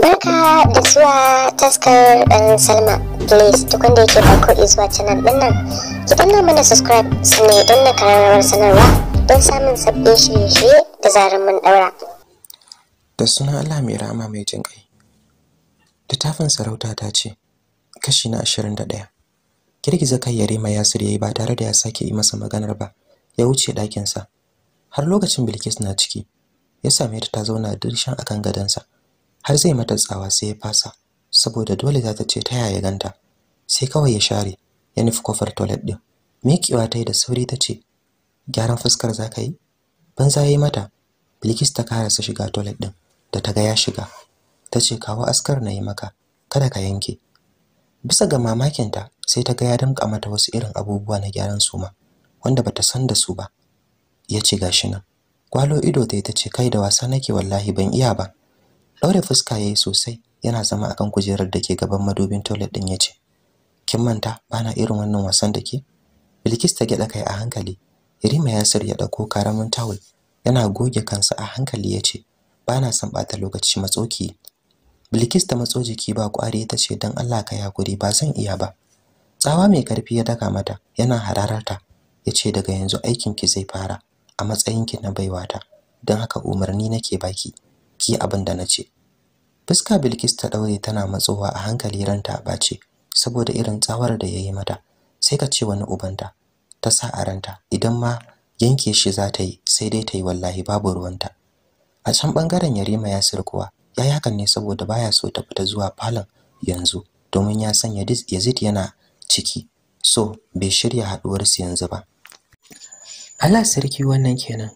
Barka da zuwa taskar ɗan Salma. Please duk wanda yake farko izuwa canal ɗin nan, ki danna mana subscribe sannan don na kararrawar sanarwa don samun sabbin shirye-shirye da zarar mun ɗaura. Da sunan Allah mai rama mai jin ƙai. Littafin sarauta ta ce, kashi na ashirin da ɗaya. Girgiza kai Yarima Yasir yayi ba tare da ya sake yi masa maganar ba. Ya wuce ɗakin sa. Har lokacin Bilkis na ciki, ya same ta ta zauna a dirshan akan sa. Har zai mata tsawa sai ya fasa, saboda dole za ta ce ta yaya ganta. Sai kawai ya share, ya nufi kofar toilet din. mikiwa ta yi da sauri ta ce, "Gyaran fuskar za ka yi?" Banza ya yi mata. Bilkis ta karasa shiga toilet din da ta ga ya shiga. Ta ce, "Kawo askar na yi maka, kada ka yanke." Bisa ga mamakinta, sai ta ga ya damka mata wasu irin abubuwa na gyaran suma wanda bata san da su ba ya ce gashi nan kwalo ido ta ita ce kai da wasa nake wallahi ban iya ba daure fuska yayi sosai yana zama akan kujerar da ke gaban madubin toilet din ya ce kin manta bana irin wannan wasan da ke Bilkis ta gyaɗa kai a hankali Rima Yasir ya ɗauko karamin tawul yana goge kansa a hankali ya ce bana son ɓata lokaci matsoki Bilkis ta matso jiki ba kwari ta ce don Allah ka yakuri ba zan iya ba tsawa mai karfi ya daga mata yana hararata ce daga yanzu aikin ki zai fara a matsayin ki na baiwata don haka umarni nake baki ki abin da ce. fuska Bilkis ta daure tana matsowa a hankali ranta bace saboda irin tsawar da yayi mata sai ka ce wani ubanta ta sa a ranta idan ma yanke shi za ta yi sai dai ta yi wallahi babu ruwanta a can bangaren Yarima ya sirkuwa yayi hakan ne saboda baya so ta fita zuwa falon yanzu domin ya sanya Yazid yana ciki so bai shirya haɗuwarsu yanzu ba Allah sarki wannan kenan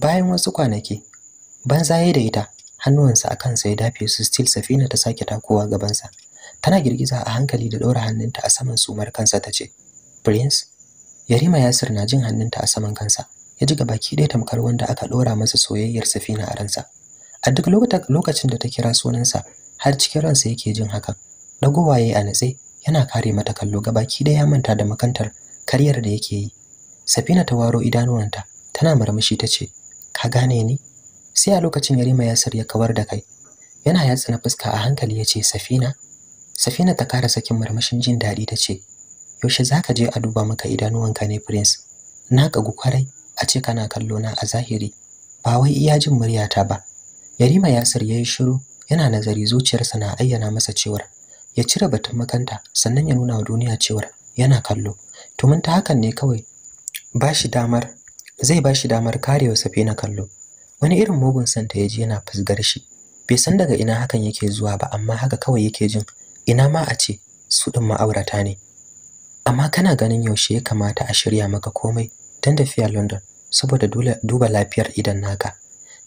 bayan wasu kwanaki banza zaye da ita hannuwansa akan sai dafe su still safina ta sake takowa gabansa tana girgiza a hankali da ɗora hannunta a saman sumar kansa ta ce prince yarima yasir na jin hannunta a saman kansa ya ji gabaki ɗaya tamkar wanda aka ɗora masa soyayyar safina a ransa a duk lokacin da ta kira sunansa har cikin ransa yake jin hakan ɗagowa waye a natse yana kare mata kallo gabaki da ya manta da makantar karyar da yake yi Safina ta waro idanuwanta tana marmashi ta ce ka gane ni sai a lokacin Yarima Yasir ya kawar da kai yana yatsa na fuska a hankali ya ce Safina Safina ta kara sakin marmashin jin daɗi ta ce yaushe zaka je a duba maka idanuwanka ne prince na kagu kwarai a ce kana kallo na a zahiri ba wai iya jin muryata ba Yarima Yasir yayi shiru yana nazari zuciyarsa na ayyana masa cewar ya cire batun makanta sannan ya nuna wa duniya cewa yana kallo to mun ta hakan ne kawai ba damar zai bashi shi damar karewa safina kallo wani irin mugun santa ya ji yana fusgar shi bai san daga ina hakan yake zuwa ba amma haka kawai yake jin ina ma a ce su ɗin ma'aurata ne amma kana ganin yaushe ya kamata a shirya maka komai don tafiya london saboda duba lafiyar idan naka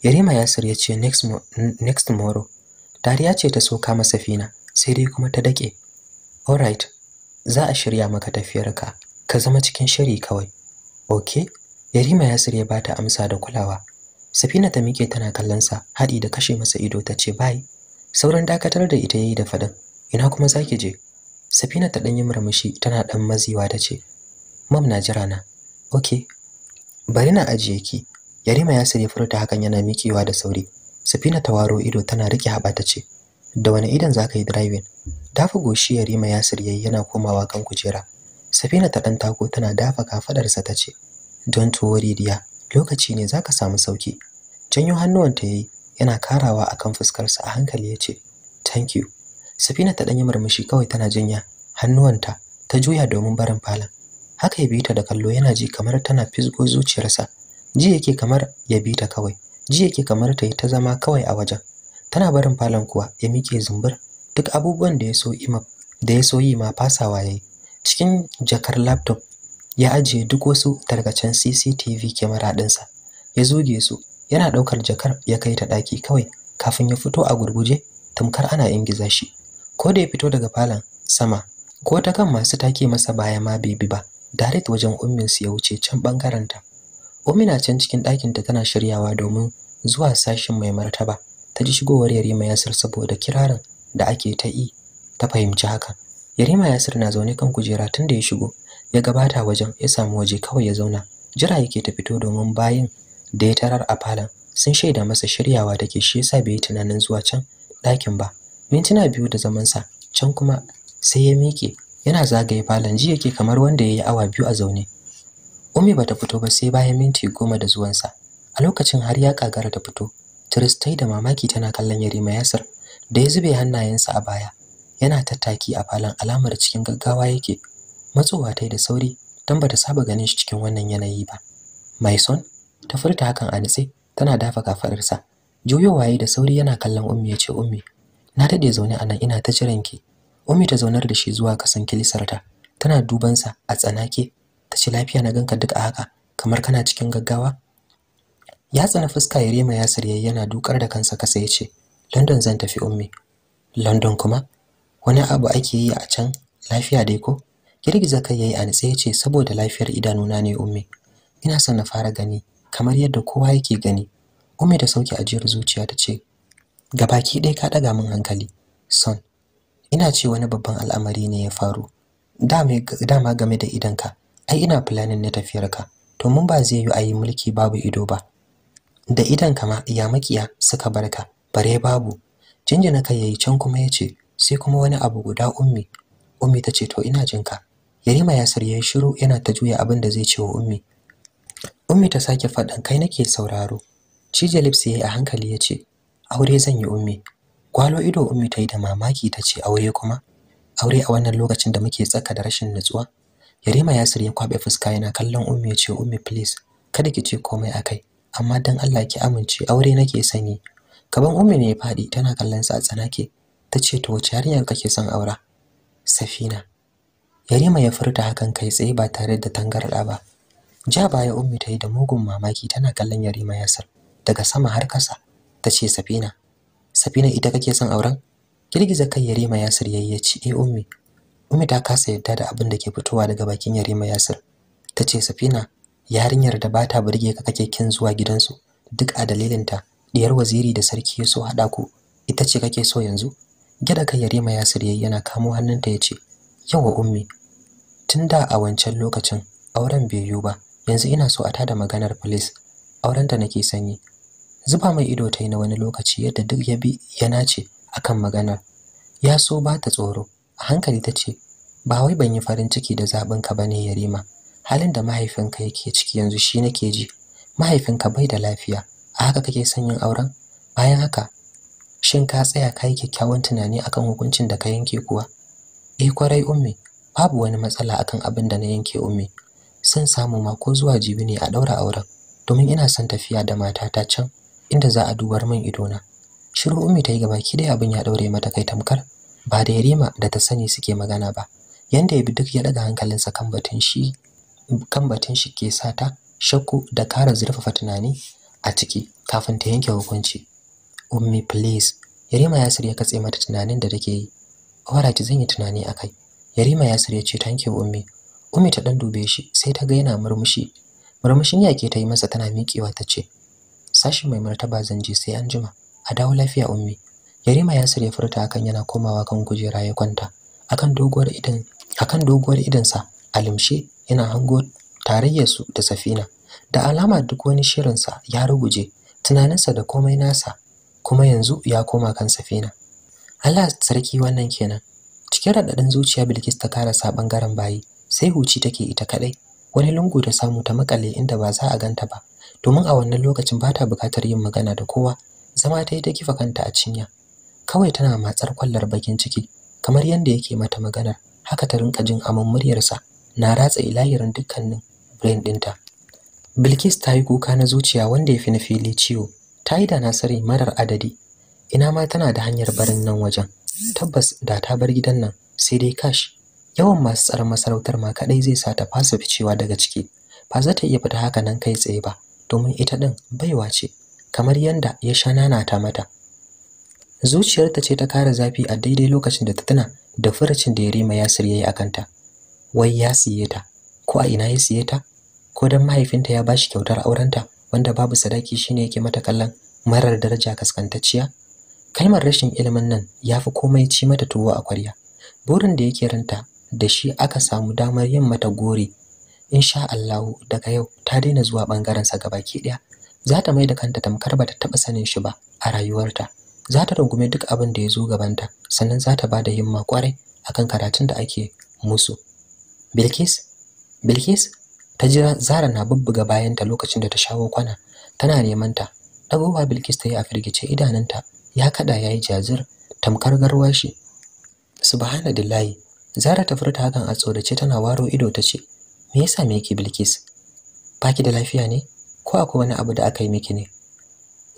yarima yasir ya ce next, next tomorrow dariya ce ta soka masa fina sai dai kuma ta dake alright za a shirya maka tafiyarka ka zama cikin shiri kawai okay yarima ya sirya bata amsa da kulawa safina ta mike tana kallon sa hadi da kashe masa ido ta ce bye sauran dakatar da ita yayi da faɗin. ina kuma zaki je safina ta ɗan yi murmushi tana ɗan maziwa ta ce mam na jira na okay bari na ajiye ki yarima ya sirya furta hakan yana mikewa da sauri safina ta waro ido tana rike haba ta ce da wani idan za ka yi driving dafa goshi ya rima yasir yayi yana komawa kan kujera safina ta dan tako tana dafa kafadarsa ta ce don worry dia lokaci ne zaka samu sauki janyo hannuwanta yayi yana karawa akan fuskarsa a hankali ya ce thank you safina ta dan yi murmushi kawai tana jinya Hannuwan ta ta juya domin barin falon haka ya bi ta da kallo yana ji kamar tana fisgo zuciyarsa ji yake kamar ya bi ta kawai ji yake kamar ta yi ta zama kawai a wajen tana barin falon kuwa ya miƙe zumbur duk abubuwan da ya so da ya so yi ma fasawa yayi cikin jakar laptop ya ajiye duk wasu tarkacen CCTV kyamara ɗinsa ya zoge su yana ɗaukar jakar ya kai ta ɗaki kawai kafin ya fito a gurguje tamkar ana ingiza shi ko da ya fito daga falon sama ko ta kan masu take masa baya ma bibi bi ba direct wajen umminsu ya wuce can ɓangarenta ummi na can cikin ɗakinta tana shiryawa domin zuwa sashin mai martaba ta ji shigowar Yarima Yasir saboda kirarin da ake ta yi ta fahimci haka Yarima Yasir na zaune kan kujera tun da ya shigo ya gabata wajen ya samu waje kawai ya zauna jira yake ta fito domin bayin da ya tarar a falon sun shaida masa shiryawa da ke shi yasa bai yi tunanin zuwa can ɗakin ba mintuna biyu da zamansa can kuma sai ya mike. yana zagaye falon ji yake kamar wanda ya yi awa biyu a zaune Umi bata fito ba sai bayan minti goma da zuwansa a lokacin har ya kagara ta fito Tiristai da mamaki tana kallon Yarima Yasir da ya zube hannayensa a baya. Yana tattaki a falon alamar cikin gaggawa yake. Matsowa ta yi da sauri don bata saba ganin shi cikin wannan yanayi ba. Maison son, ta furta hakan a nitse tana dafa kafaɗarsa, Juyowa yayi da sauri yana kallon Ummi ya ce Ummi, na dade zaune a nan ina ta jiran ki. Ummi ta zaunar da shi zuwa kasan kilisarta. Tana duban sa a tsanake. Ta ce lafiya na ganka duk a haka kamar kana cikin gaggawa. ya tsana fuska ya rema ya yayi yana dukar da kansa kasa yace London zan tafi ummi London kuma wani abu ake yi a can lafiya dai ko girgiza kai yayi a nitsa yace saboda lafiyar idanuna ne ummi ina son na fara gani kamar yadda kowa yake gani ummi da sauki ajiyar zuciya ta ce gabaki ɗaya ka ɗaga min hankali son ina ce wani babban al'amari ne ya faru dama game da idanka ai ina planning na tafiyarka to mun ba zai yi ayi mulki babu ido ba da idan kama ya makiya suka barka bare babu jinjina kai yayi can kuma yace sai kuma wani abu guda ummi ummi tace to ina jinka yarima ya sarye shiru yana ta juya abin da zai ce wa ummi ummi ta sake faɗin kai nake sauraro cijalibs yayi a hankali yace aure zan yi ummi gwalo ido ummi ta yi da mamaki tace aure kuma aure a wannan lokacin da muke tsaka da rashin nutsuwa yarima ya sarye kwabe fuska yana kallon ummi yace ummi please kada ki ce komai akai amma dan Allah ki amince aure nake sanyi gaban ummi ne ya fadi tana kallon sa a tsanake tace to wace yarinyar kake son aura safina yarima ya furta hakan kai tsaye ba tare da tangarda ba ja baya ummi ta yi da mugun mamaki tana kallon yarima yasar daga sama har kasa tace safina safina ita kake son auren girgiza kai yarima yasir yayi ya ci, eh ummi ummi ta kasa yadda da abin da ke fitowa daga bakin yarima yasir tace safina yarinyar da bata burge ka kake kin zuwa gidansu duk a dalilinta diyar waziri da sarki ya so hada ku ita ce kake so yanzu gida ka yarima ya sirye yana kamo hannunta yace yawa ummi tunda a wancan lokacin auren bai yiwu ba yanzu ina so a tada maganar police auren ta nake sanyi zuba mai ido ta na wani lokaci yadda duk ya bi ya nace akan maganar ya so ba ta tsoro a hankali ta ce ba wai ban yi farin ciki da zaɓin ka bane yarima halin da mahaifinka yake ciki yanzu shi nake ji mahaifinka bai da lafiya a haka kake son yin auren bayan haka shin ka tsaya ka yi kyakkyawan tunani akan hukuncin da ka yanke kuwa E kwarai ummi babu wani matsala akan abin da na yanke ummi san samu mako zuwa jibi ne a daura auren domin ina son tafiya da matata can inda za a dubar min idona shiru ummi ta yi gabaki dai abin ya daure mata kai tamkar ba da yarima da ta sani suke magana ba yanda ya bi duk ya daga hankalinsa kan batun shi kan batun shi ke sa ta shakku da kara zurfafa tunani a ciki kafin ta yanke hukunci ummi please yarima yasir ya katse mata tunanin da take yi wara ki zan yi tunani akai yarima yasir ya ce thank you ummi ummi ta dan dube shi sai ta ga yana murmushi murmushin yake ta yi masa tana miƙewa ta ce sashin mai martaba zan je sai an jima a dawo lafiya ummi yarima yasir ya furta akan yana komawa kan kujera ya kwanta akan doguwar idan akan doguwar idansa a limshe Ina hango tarayyarsu da safina da alama duk wani shirinsa ya ruguje tunaninsa da komai nasa kuma yanzu ya koma kan safina Allah sarki wannan kenan cikin raɗaɗin zuciya Bilkis ta karasa bangaren bayi sai huci take ita kaɗai wani lungu da samu ta makale inda ba za a ganta ba domin a wannan lokacin ba ta buƙatar yin magana da kowa zama ta yi ta kifa kanta a cinya kawai tana matsar kwallar bakin ciki kamar yadda yake mata maganar haka ta rinka jin a muryarsa na ratsa ilahirin dukkanin brain dinta. Bilkis ta yi kuka na zuciya wanda ya fi na fili ciwo, ta yi da nasari marar adadi, ina ma tana da hanyar barin nan wajen, tabbas da ta bar gidan nan sai dai kash. Yawan masu tsaron masarautar ma kaɗai zai sa ta fasa ficewa daga ciki, ba za ta iya fita haka nan kai tsaye ba, domin ita ɗin baiwa ce, kamar yadda ya sha nanata mata. Zuciyarta ce ta kara zafi a daidai lokacin da ta tuna da furacin da Yarima Yasir ya yi a kanta. wai ya siye ta ko a ina ya siye ta ko dan mahaifinta ya bashi kyautar aurenta wanda babu sadaki shine yake mata kallon marar daraja kaskantacciya kalmar rashin ilimin nan ya fi komai ci mata tuwo a kwarya burin da yake ranta da shi aka samu damar yin mata gore insha Allah daga yau ta daina zuwa bangaren sa gabaki daya za ta mai da kanta tamkar ba ta taba sanin shi ba a rayuwarta za ta rungume duk abin da ya zo gabanta sannan za ta bada himma kwarai akan karatun da ake musu Bilkis Bilkis ta jira Zara na bubbuga bayanta lokacin da ta shawo kwana tana neman ta dagowa Bilkis ta yi a firgice idananta ya kada yi jajir tamkar garwashi subhanallahi Zara ta furta hakan a tsorace tana waro ido ta ce me yasa me yake Bilkis Ba ki da lafiya ne ko akwai wani abu da aka yi miki ne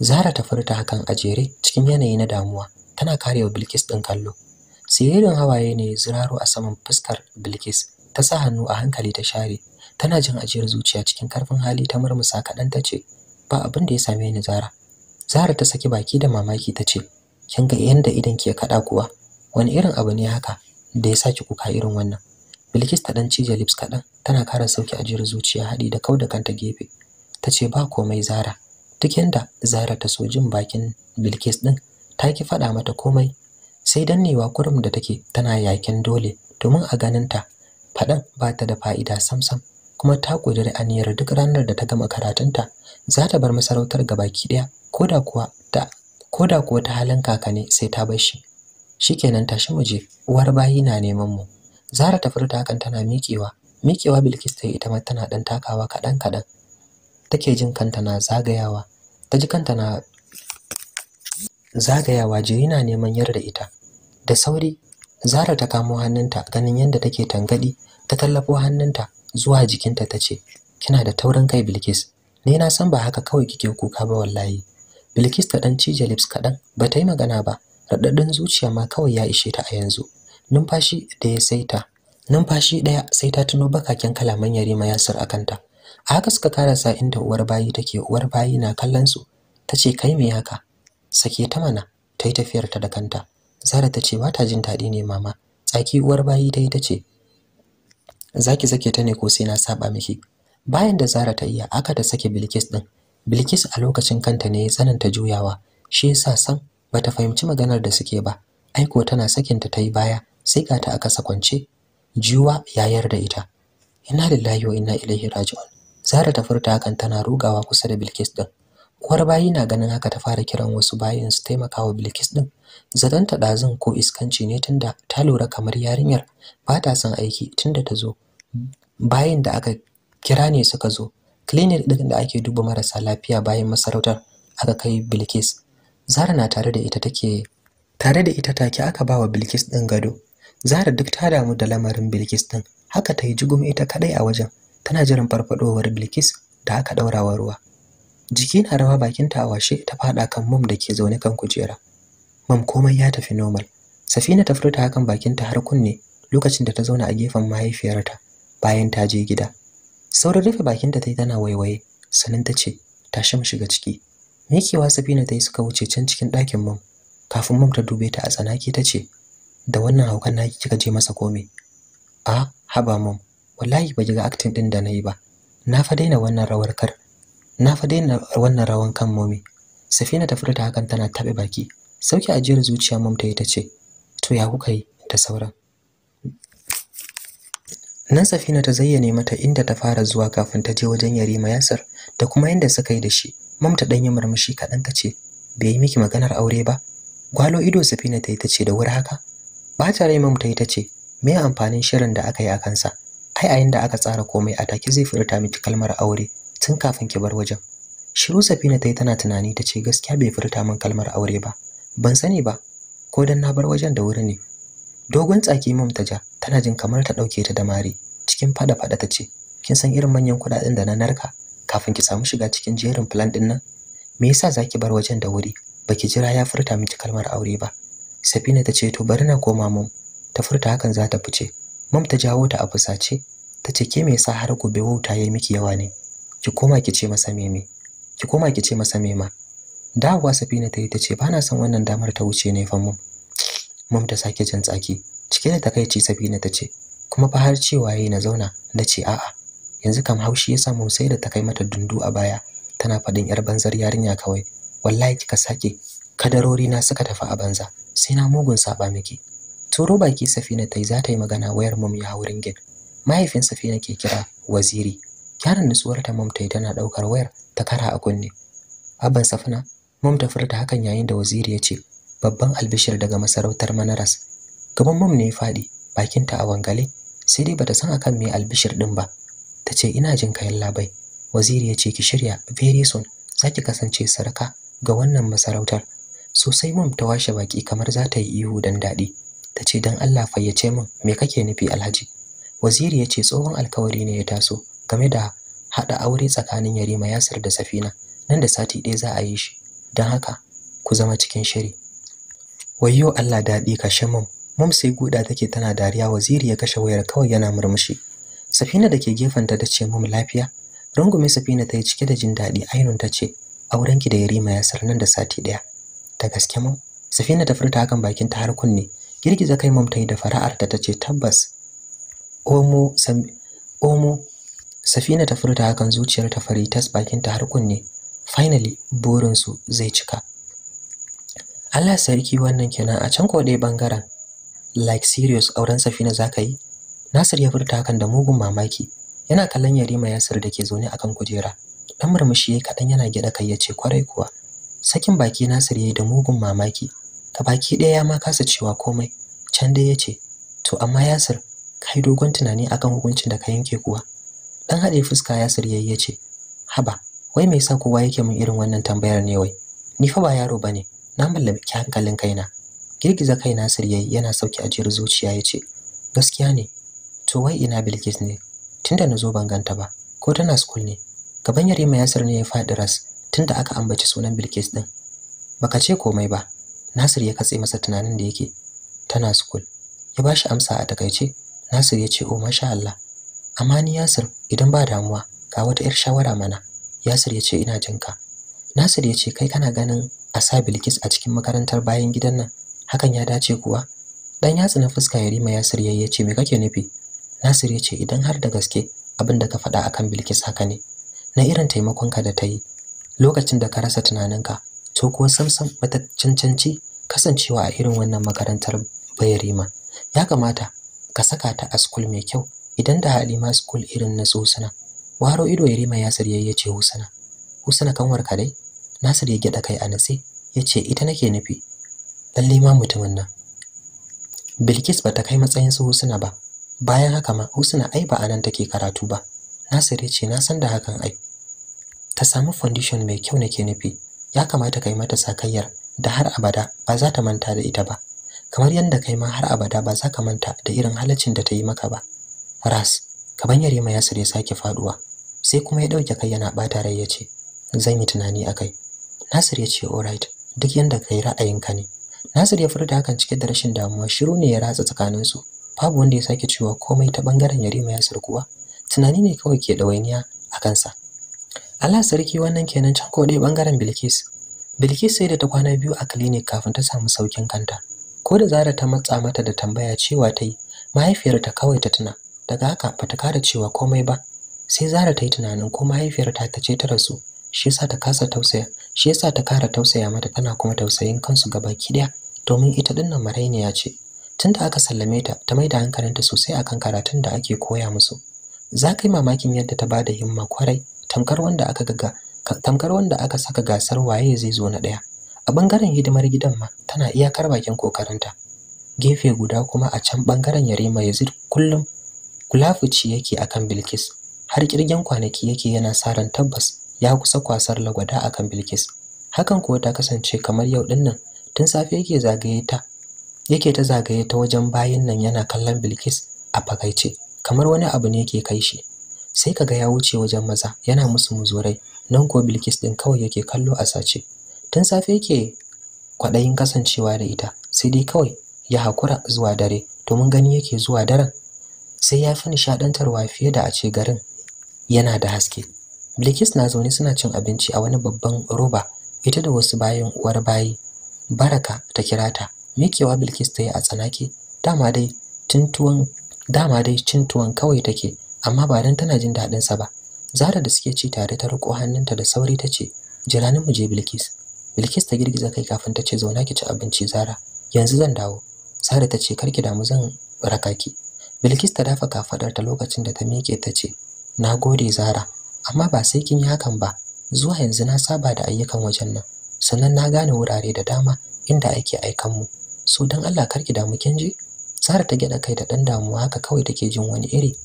Zara ta furta hakan a jere cikin yanayi na damuwa tana karewa Bilkis ɗin kallo siririn hawaye ne ziraro a saman fuskar Bilkis ta sa hannu a hankali ta share tana jin ajiyar zuciya cikin karfin hali ta murmusa kaɗan ta ce ba abin da ya same ni zara zara ta saki baki da mamaki ta ce kin ga yanda idan ke kaɗa kuwa wani irin abu ne haka da ya saki kuka irin wannan bilkis ta ɗan cije lips kaɗan tana kara sauki ajiyar zuciya haɗi da kau da kanta gefe ta ce ba komai zara duk yanda zara ta so jin bakin bilkis ɗin ta ki faɗa mata komai sai dannewa kurum da take tana yakin dole domin a ganinta faɗan ba ta da fa'ida samsam kuma ta ƙudiri aniyar duk ranar da ta gama karatunta za ta bar masarautar gabaki ɗaya ko da kuwa ta halin kaka ne sai ta bar shi shikenan tashi mu je uwar bayi na neman mu Zara ta furta hakan tana miƙewa miƙewa Bilkis ta yi ita ma tana ɗan takawa kaɗan kaɗan take jin kanta na zagayawa ta ji kanta na zagayawa jiri na neman da ita da sauri Zara ta kamo hannunta ganin yadda take tangadi ta tallafo hannunta zuwa jikinta ta ce kina da taurin kai Bilkis ni na san ba haka kawai kike kuka ba wallahi Bilkis ta dan cije lips kadan ba ta yi magana ba radadin zuciya ma kawai ya ishe ta a yanzu numfashi da ya saita numfashi daya sai ta tuno bakaken kalaman Yarima Yasir kanta. a haka suka karasa inda uwar bayi take uwar bayi na kallon su tace kai me haka sake ta mana ta yi tafiyar ta da kanta Zara ta ce ba jin daɗi ne mama tsaki uwar bayi yi ta ce zaki sake ta ne ko sai na saba miki bayan da Zara ta iya aka ta sake Bilkis din Bilkis a lokacin kanta ne tsananta juyawa shi yasa san bata fahimci maganar da suke ba aiko tana sakin ta tayi baya sai ga ta aka sakwance juwa ya yarda ita inna lillahi wa inna ilaihi raji'un Zara ta furta hakan tana rugawa kusa da Bilkis din uwar bayi na ganin haka ta fara kiran wasu bayin su taimaka wa bilkis din zaton ta ɗazun ko iskanci ne tunda ta lura kamar yarinyar ba ta son aiki tunda ta zo bayin da aka kira ne suka zo clinic din da ake duba marasa lafiya bayan masarautar aka kai bilkis zara na tare da ita take tare da ita take aka ba wa bilkis ɗin gado zara duk ta damu da lamarin bilkis ɗin, haka ta yi jigum ita kaɗai a wajen tana jiran farfaɗowar bilkis da aka ɗaurawa ruwa jiki na rawa bakinta a washe ta faɗa kan mum da ke zaune kan kujera Mum komai ya tafi normal safina ta furta hakan bakinta har kunne lokacin da ta zauna a gefen mahaifiyarta bayan ta je gida saurin rufe bakin ta yi tana waiwaye sanin ta ce tashi mu shiga ciki mikewa safina ta yi suka wuce can cikin ɗakin mum? kafin mum ta dube ta a tsanaki ta ce da wannan haukan naki kika je masa komai. a ah, haba mum, wallahi ba ga acting din da na yi ba na fa daina wannan rawar kar na fa daina wannan rawan kan momi safina ta furta hakan tana tabe baki sauki ajiyar zuciya mom ta yi ta ce to ya kuka yi da sauran nan safina ta zayyane mata inda ta fara zuwa kafin ta je wajen yarima yasir da kuma yadda suka yi da shi mom ta danyi murmushi kaɗan ta ce bai yi miki maganar aure ba gwalo ido safina ta yi ta ce da wuri haka bata rai mom ta yi ta ce me amfanin shirin da aka yi a kansa ai a da aka tsara komai a take zai furta miki kalmar aure tun kafin ki bar wajen shiru safina ta yi tana tunani ta ce gaskiya bai furta min kalmar aure ba ban sani ba ko dan na bar wajen da wuri ne dogon tsaki mam ta ja tana jin kamar ta ɗauke ta da mari cikin fada fada ta ce kin san irin manyan kuɗaɗen da na narka kafin ki samu shiga cikin jerin plan ɗin nan me yasa zaki bar wajen da wuri baki jira ya furta miki kalmar aure ba Safina ta ce to bari na koma mum ta furta hakan za ta fice mam ta jawo ta a fusace ta ce ke me yasa har gobe wauta yayi miki yawa ne ki koma ki ce masa meme ki koma ki ce masa mema dawowa safina tayi tace ta ce bana son wannan damar ta wuce ne fa mum mum ta sake jin tsaki cike da takaici safina tace kuma fa har cewa yayi na zauna nace ce a'a yanzu kam haushi ya samu sai da ta mata dundu a baya tana faɗin yar banzar yarinya kawai wallahi kika sake kadarori na suka tafi a banza sai na mugun saba miki turo baki safina tayi za ta yi magana wayar mum ya haurin gid mahaifin safina ke kira waziri Kyarin nutsuwar ta mamta tana daukar wayar ta kara a kunne. Abban Safna mamta furta hakan yayin da waziri ya ce babban albishir daga masarautar Manaras. Gaban mam ne ya faɗi bakinta a wangale sai dai bata san akan me albishir din ba. Ta ce ina jin kayan labai. Waziri ya ce ki shirya very soon zaki kasance sarka ga wannan masarautar. Sosai mam ta washe baki kamar za ta yi ihu dan daɗi. Ta ce don Allah fayyace min me kake nufi Alhaji. Waziri ya ce tsohon alkawari ne ya taso game da haɗa aure tsakanin Yarima Yasir da Safina nan da sati ɗaya za a yi shi don haka ku zama cikin shiri wayo Allah daɗi kashe mum mum sai guda take tana dariya waziri ya kashe wayar kawai yana murmushi Safina da ke gefanta ta ce mum lafiya rungume Safina ta yi cike da jin daɗi ainun ta ce aurenki da Yarima Yasir nan da sati ɗaya ta gaske mum Safina ta furta hakan bakin ta har kunne girgiza kai mum ta yi da fara'ar ta ce tabbas Omo Omo Safina ta furta hakan zuciyar ta fari tas bakin ta har kunne. Finally burin su zai cika. Allah sarki wannan kenan a can kodai bangaren. Like serious auren Safina zaka yi? Nasir ya furta hakan da mugun mamaki. Yana kallon Yarima Yasir da ke zaune akan kujera. Dan murmushi yayi kadan yana gida kai yace kwarai kuwa. Sakin baki Nasir yayi da mugun mamaki. Ka baki daya ma kasa cewa komai. Can dai yace, "To amma Yasir, kai dogon tunani akan hukuncin da ka yanke kuwa?" dan haɗe fuska ya siryayye ce haba wai me yasa kowa yake min irin wannan tambayar ne wai ni fa ba yaro bane na mallaki hankalin kaina girgiza kaina siryayi yana sauki ajiyar zuciya ya ce gaskiya ne to wai ina bilkis ne tunda na zo ban ganta ba ko tana school ne gaban yarima yasir ne ya faɗi ras tunda aka ambaci sunan bilkis din baka ce komai ba nasir ya katse masa tunanin da yake tana school ya bashi amsa a takaice nasir ya ce oh masha Allah amma ni Yasir idan ba damuwa ga wata yar shawara mana Yasir ya ce ina ka. Nasir ya ce kai kana ganin a sa Bilkis a cikin makarantar bayan gidan nan hakan ya dace kuwa dan yatsa na fuska ya rima Yasir ya ce me kake nufi Nasir ya ce idan har da gaske abin da ka faɗa akan Bilkis haka ne na irin taimakon ka da ta yi lokacin da ka rasa tunaninka to kuwa samsam bata cancanci kasancewa a irin wannan makarantar bayarima ya kamata ka saka ta a school mai kyau idan da Halima school irin na Husna waro ido ya rima Yasir yayi yace Husna Husna kanwar ka dai Nasir ya gida kai a natse ce ita nake nufi lalle ma mutumin nan Bilkis ta kai matsayin su Husna ba bayan haka ma husana ai ba anan take karatu ba Nasir ce na san da hakan ai ta samu foundation mai kyau nake nufi ya kamata kai mata sakayyar da har abada ba za ta manta da ita ba kamar yadda kai ma har abada ba za ka manta da irin halaccin da ta yi maka ba Faras, kaban yarima ya ya sake faduwa sai kuma ya dauke kai yana bata rai ya ce zan yi tunani akai nasir ya ce alright duk yanda kai ka ne nasir ya furta hakan cike da rashin damuwa shiru ne ya ratsa su babu wanda ya sake cewa komai ta bangaren yarima ya sarkuwa? tunani ne kawai ke wainiya a kansa Allah sarki wannan kenan can ko bangaren Bilkis Bilkis sai da ta kwana biyu a clinic kafin ta samu saukin kanta ko da Zara ta matsa mata da tambaya cewa ta yi mahaifiyar kawai ta tuna daga haka bata kara cewa komai ba sai Zara ta yi tunanin ko mahaifiyarta ta ce ta rasu shi yasa ta kasa tausaya shi yasa ta kara tausaya mata tana kuma tausayin kansu gabaki daya domin ita dinnan marainiya ce tunda aka sallame ta ta maida hankalinta sosai akan karatun da ake koya musu za ka yi mamakin yadda ta bada himma kwarai tamkar wanda aka gaga tamkar wanda aka saka gasar waye zai zo na daya a bangaren hidimar gidan ma tana iyakar bakin kokarinta gefe guda kuma a can bangaren Yarima Yazid kullum kulafuci yake akan Bilkis har kirgen kwanaki yake yana saran tabbas ya kusa kwasar lagwada akan Bilkis hakan kuwa ta kasance kamar yau din tun safe yake zagaye ta yake ta zagaye ta wajen bayan nan yana kallon Bilkis a fakaice kamar wani abu ne yake kai shi sai kaga ya wuce wajen maza yana musu muzurai nan ko Bilkis din kawai yake kallo a sace tun safe yake kwaɗayin kasancewa da ita sai dai kawai ya hakura zuwa dare to mun gani yake zuwa daren sai ya fi nishadantarwa fiye da a ce garin yana da haske bilkis na zaune suna cin abinci a wani babban roba ita da wasu bayan uwar bayi baraka ta kira ta mikewa bilkis ta yi a tsanake dama dai dai cin tuwon kawai take amma ba don tana jin daɗin sa ba zara da suke ci tare ta riko hannunta da sauri ta ce jirani mu je bilkis bilkis ta girgiza kai kafin ta ce zauna ki ci abinci zara yanzu zan dawo zara ta ce karki damu zan raka ki Bilkis ta dafa ta lokacin da ta miƙe ta ce, "Na gode Zara, amma ba sai kin yi hakan ba. Zuwa yanzu na saba da ayyukan wajen nan, sannan na gane wurare da dama inda ake aikan mu. So don Allah kar ki damu kin ji?" Zara ta gyaɗa kai da ɗan damuwa haka kawai take jin wani iri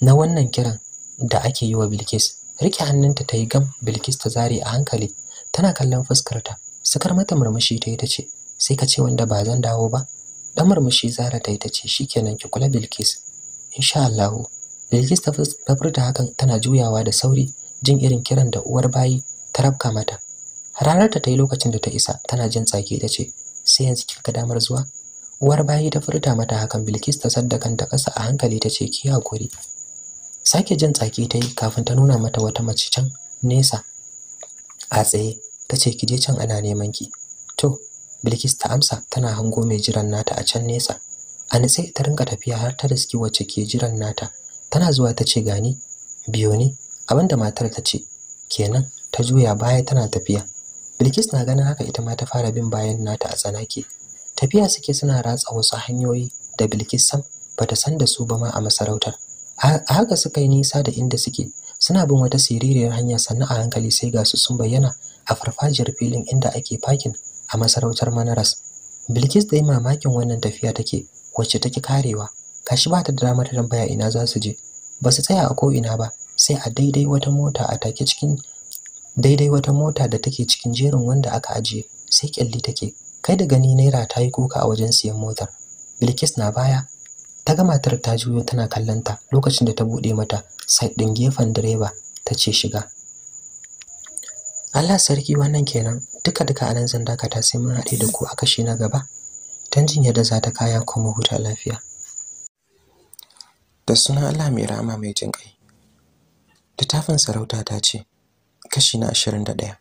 na wannan kiran da ake yi wa Bilkis. Rike hannunta ta yi gam Bilkis ta zare a hankali, tana kallon fuskarta. Sakar mata murmushi ta yi ta ce, "Sai ka ce wanda ba zan dawo ba?" dan murmushi Zara ta yi ta ce kenan ki kula Bilkis insha Allah Bilkis ta furta hakan tana juyawa da sauri jin irin kiran da uwar bayi ta rabka mata hararta ta yi lokacin da ta isa tana jin tsaki ta ce sai yanzu kika ga damar zuwa uwar bayi ta furta mata hakan Bilkis ta saddakan ta kasa a hankali ta ce ki hakuri sake jin tsaki ta yi kafin ta nuna mata wata mace can nesa a tsaye ta ce ki je can ana neman ki to Bilkis ta amsa tana hango mai jiran nata a can nesa. A nitse ta rinka tafiya har ta riski wacce ke jiran nata. Tana zuwa ta ce gani, biyo ni, abinda matar ta ce. Kenan ta juya baya tana tafiya. Bilkis na ganin haka ita ma ta fara bin bayan nata a tsanake. Tafiya suke suna ratsa wasu hanyoyi da Bilkis sam bata san da su ba ma a masarautar. A haka suka yi nisa da inda suke, suna bin wata siririyar hanya sannan a hankali sai ga su sun bayyana a farfajiyar filin inda ake fakin a masarautar Manaras. Bilkis da mamakin wannan tafiya take wacce take karewa. Kashi ba ta da damar tambaya ina za su je. Ba su tsaya a ko ina ba sai a daidai wata mota a take cikin daidai wata mota da take cikin jerin wanda aka ajiye sai kyalli take. Kai da gani naira ta yi kuka a wajen siyan motar. Bilkis na baya ta gama matar ta juyo tana kallonta lokacin da ta buɗe mata side ɗin gefen direba ta ce shiga. Allah sarki wannan kenan duka duka anan nan zan dakata sai mun haɗe da ku a kashi na gaba don jin yadda za ta kaya kuma huta lafiya da sunan Allah mai rahama mai jin ƙai littafin sarauta ta ce kashi na ashirin da 21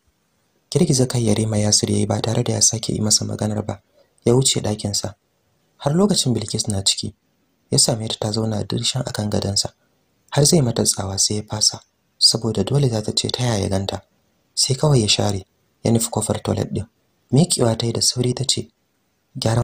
girgiza kai yare ya Yasir yayi ba tare da ya sake yi masa maganar ba ya wuce ɗakinsa har lokacin Bilkis na ciki ya same ta ta zauna dirshan akan sa, har zai mata tsawa sai ya fasa saboda dole za ta ce ta yaya ganta sai kawai ya share ya nufi kofar toilet din miƙewa ta yi da sauri ta ce gyaran